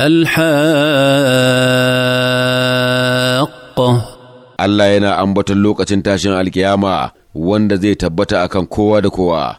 الحاقة Allah yana ambaton lokacin tashin alkiyama wanda zai tabbata akan kowa da kowa.